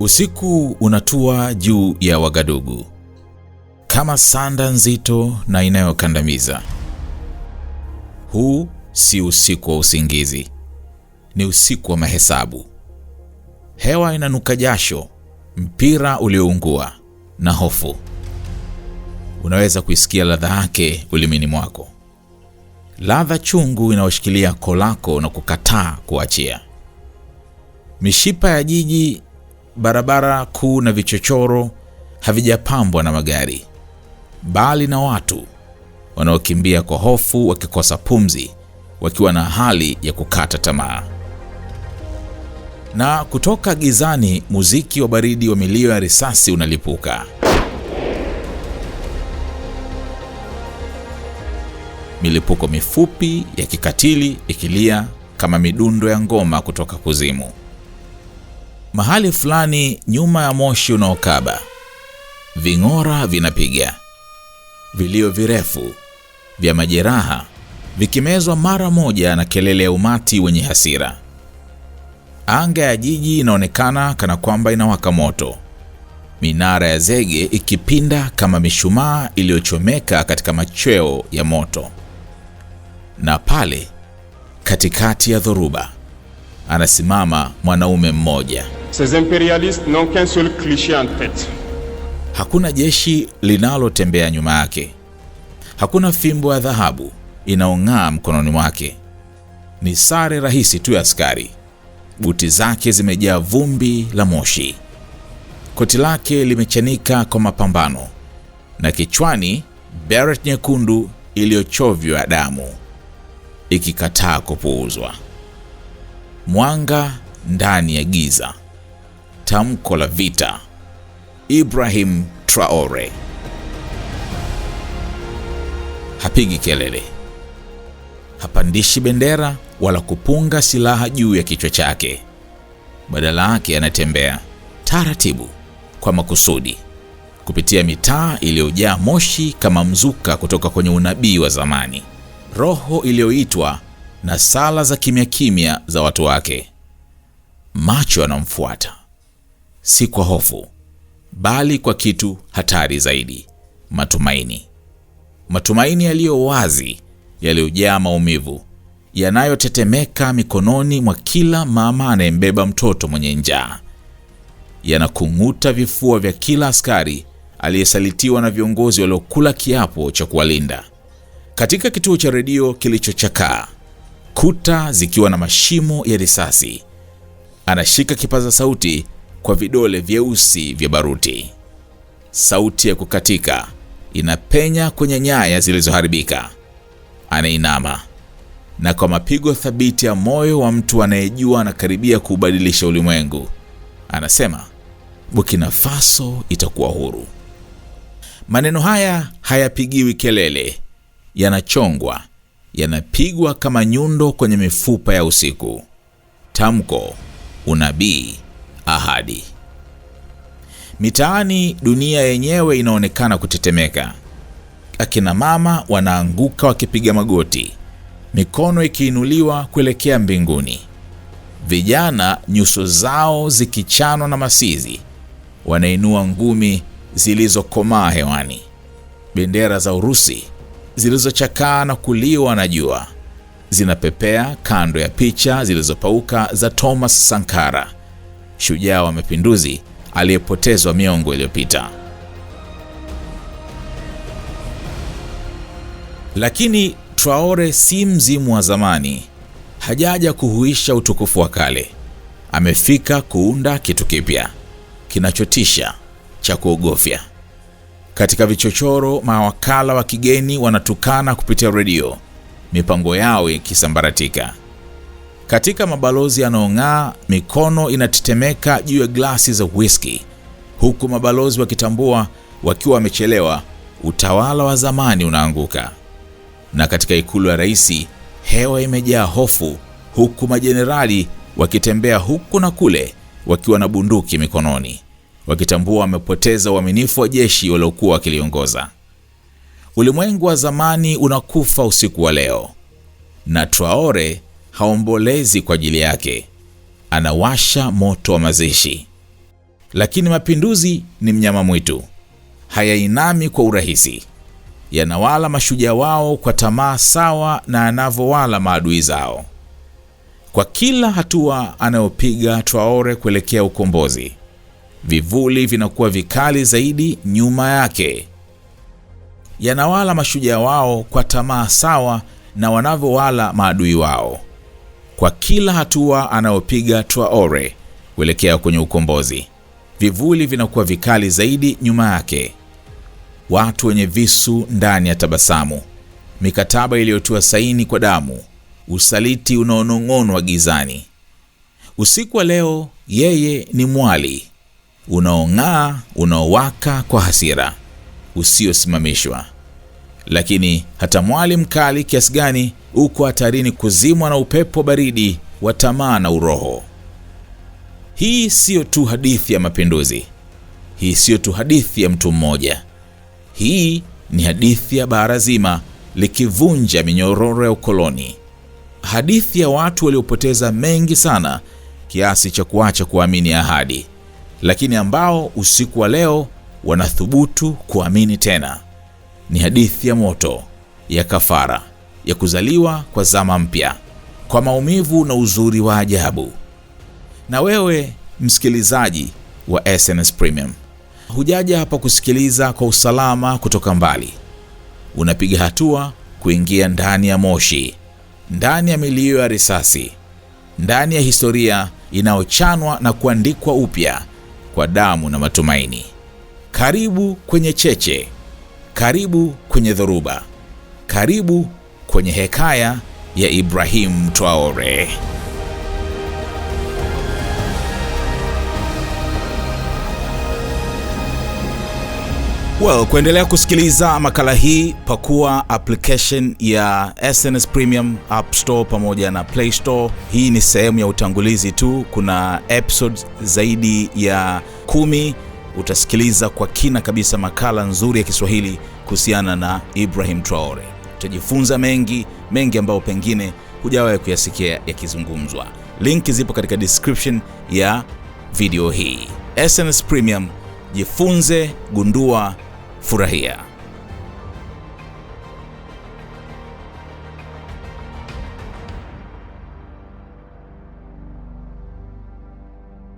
Usiku unatua juu ya Wagadugu kama sanda nzito na inayokandamiza. Huu si usiku wa usingizi, ni usiku wa mahesabu. Hewa inanuka jasho, mpira ulioungua na hofu. Unaweza kuisikia ladha yake ulimini mwako, ladha chungu inayoshikilia koo lako na kukataa kuachia. Mishipa ya jiji barabara kuu na vichochoro havijapambwa na magari, bali na watu wanaokimbia kwa hofu, wakikosa pumzi, wakiwa na hali ya kukata tamaa. Na kutoka gizani, muziki wa baridi wa milio ya risasi unalipuka. Milipuko mifupi ya kikatili ikilia kama midundo ya ngoma kutoka kuzimu mahali fulani nyuma ya moshi unaokaba, ving'ora vinapiga, vilio virefu vya majeraha vikimezwa mara moja na kelele ya umati wenye hasira. Anga ya jiji inaonekana kana kwamba inawaka moto, minara ya zege ikipinda kama mishumaa iliyochomeka katika machweo ya moto. Na pale katikati ya dhoruba anasimama mwanaume mmoja. Ces impérialistes n'ont qu'un seul cliché en tête. Hakuna jeshi linalotembea nyuma yake. Hakuna fimbo ya dhahabu inaong'aa mkononi mwake. Ni sare rahisi tu ya askari. Buti zake zimejaa vumbi la moshi. Koti lake limechanika kwa mapambano. Na kichwani beret nyekundu iliyochovywa damu ikikataa kupuuzwa. Mwanga ndani ya giza tamko la vita, Ibrahim Traore hapigi kelele, hapandishi bendera wala kupunga silaha juu ya kichwa chake. Badala yake anatembea taratibu kwa makusudi kupitia mitaa iliyojaa moshi kama mzuka kutoka kwenye unabii wa zamani, roho iliyoitwa na sala za kimya kimya za watu wake. Macho anamfuata si kwa hofu, bali kwa kitu hatari zaidi, matumaini. Matumaini yaliyo wazi, yaliyojaa maumivu, yanayotetemeka mikononi mwa kila mama anayembeba mtoto mwenye njaa, yanakung'uta vifua vya kila askari aliyesalitiwa na viongozi waliokula kiapo cha kuwalinda. Katika kituo cha redio kilichochakaa, kuta zikiwa na mashimo ya risasi, anashika kipaza sauti kwa vidole vyeusi vya baruti. Sauti ya kukatika inapenya kwenye nyaya zilizoharibika. Anainama na kwa mapigo thabiti ya moyo wa mtu anayejua anakaribia kuubadilisha ulimwengu, anasema Burkina Faso itakuwa huru. Maneno haya hayapigiwi kelele, yanachongwa, yanapigwa kama nyundo kwenye mifupa ya usiku. Tamko, unabii ahadi. Mitaani dunia yenyewe inaonekana kutetemeka. Akina mama wanaanguka wakipiga magoti, mikono ikiinuliwa kuelekea mbinguni. Vijana nyuso zao zikichanwa na masizi, wanainua ngumi zilizokomaa hewani. Bendera za Urusi zilizochakaa na kuliwa na jua zinapepea kando ya picha zilizopauka za Thomas Sankara, shujaa wa mapinduzi aliyepotezwa miongo iliyopita. Lakini Traore si mzimu wa zamani. Hajaja kuhuisha utukufu wa kale. Amefika kuunda kitu kipya kinachotisha cha kuogofya. Katika vichochoro, mawakala wa kigeni wanatukana kupitia redio, mipango yao ikisambaratika. Katika mabalozi yanaong'aa, mikono inatetemeka juu ya glasi za whisky, huku mabalozi wakitambua wakiwa wamechelewa, utawala wa zamani unaanguka. Na katika ikulu ya rais, hewa imejaa hofu, huku majenerali wakitembea huku na kule wakiwa na bunduki mikononi, wakitambua wamepoteza uaminifu wa jeshi waliokuwa wakiliongoza. Ulimwengu wa zamani unakufa usiku wa leo, na Traore haombolezi kwa ajili yake, anawasha moto wa mazishi. Lakini mapinduzi ni mnyama mwitu, hayainami kwa urahisi, yanawala mashujaa wao kwa tamaa sawa na anavyowala maadui zao. Kwa kila hatua anayopiga Traore kuelekea ukombozi, vivuli vinakuwa vikali zaidi nyuma yake, yanawala mashujaa wao kwa tamaa sawa na wanavyowala maadui wao kwa kila hatua anayopiga Traore kuelekea kwenye ukombozi. Vivuli vinakuwa vikali zaidi nyuma yake, watu wenye visu ndani ya tabasamu, mikataba iliyotiwa saini kwa damu, usaliti unaonong'onwa gizani. Usiku wa leo yeye ni mwali unaong'aa, unaowaka kwa hasira usiosimamishwa lakini hata mwali mkali kiasi gani uko hatarini kuzimwa na upepo baridi wa tamaa na uroho. Hii siyo tu hadithi ya mapinduzi, hii siyo tu hadithi ya mtu mmoja, hii ni hadithi ya bara zima likivunja minyororo ya ukoloni, hadithi ya watu waliopoteza mengi sana kiasi cha kuacha kuamini ahadi, lakini ambao usiku wa leo wanathubutu kuamini tena ni hadithi ya moto ya kafara ya kuzaliwa kwa zama mpya, kwa maumivu na uzuri wa ajabu. Na wewe msikilizaji wa SnS Premium hujaja hapa kusikiliza kwa usalama kutoka mbali, unapiga hatua kuingia ndani ya moshi, ndani ya milio ya risasi, ndani ya historia inayochanwa na kuandikwa upya kwa damu na matumaini. Karibu kwenye cheche karibu kwenye dhoruba, karibu kwenye hekaya ya Ibrahim twaore Well, kuendelea kusikiliza makala hii, pakuwa application ya SNS Premium App Store pamoja na Play Store. Hii ni sehemu ya utangulizi tu, kuna episodes zaidi ya kumi utasikiliza kwa kina kabisa makala nzuri ya Kiswahili kuhusiana na Ibrahim Traore. Utajifunza mengi mengi ambayo pengine hujawahi kuyasikia yakizungumzwa. Linki zipo katika description ya video hii. SNS Premium, jifunze, gundua, furahia.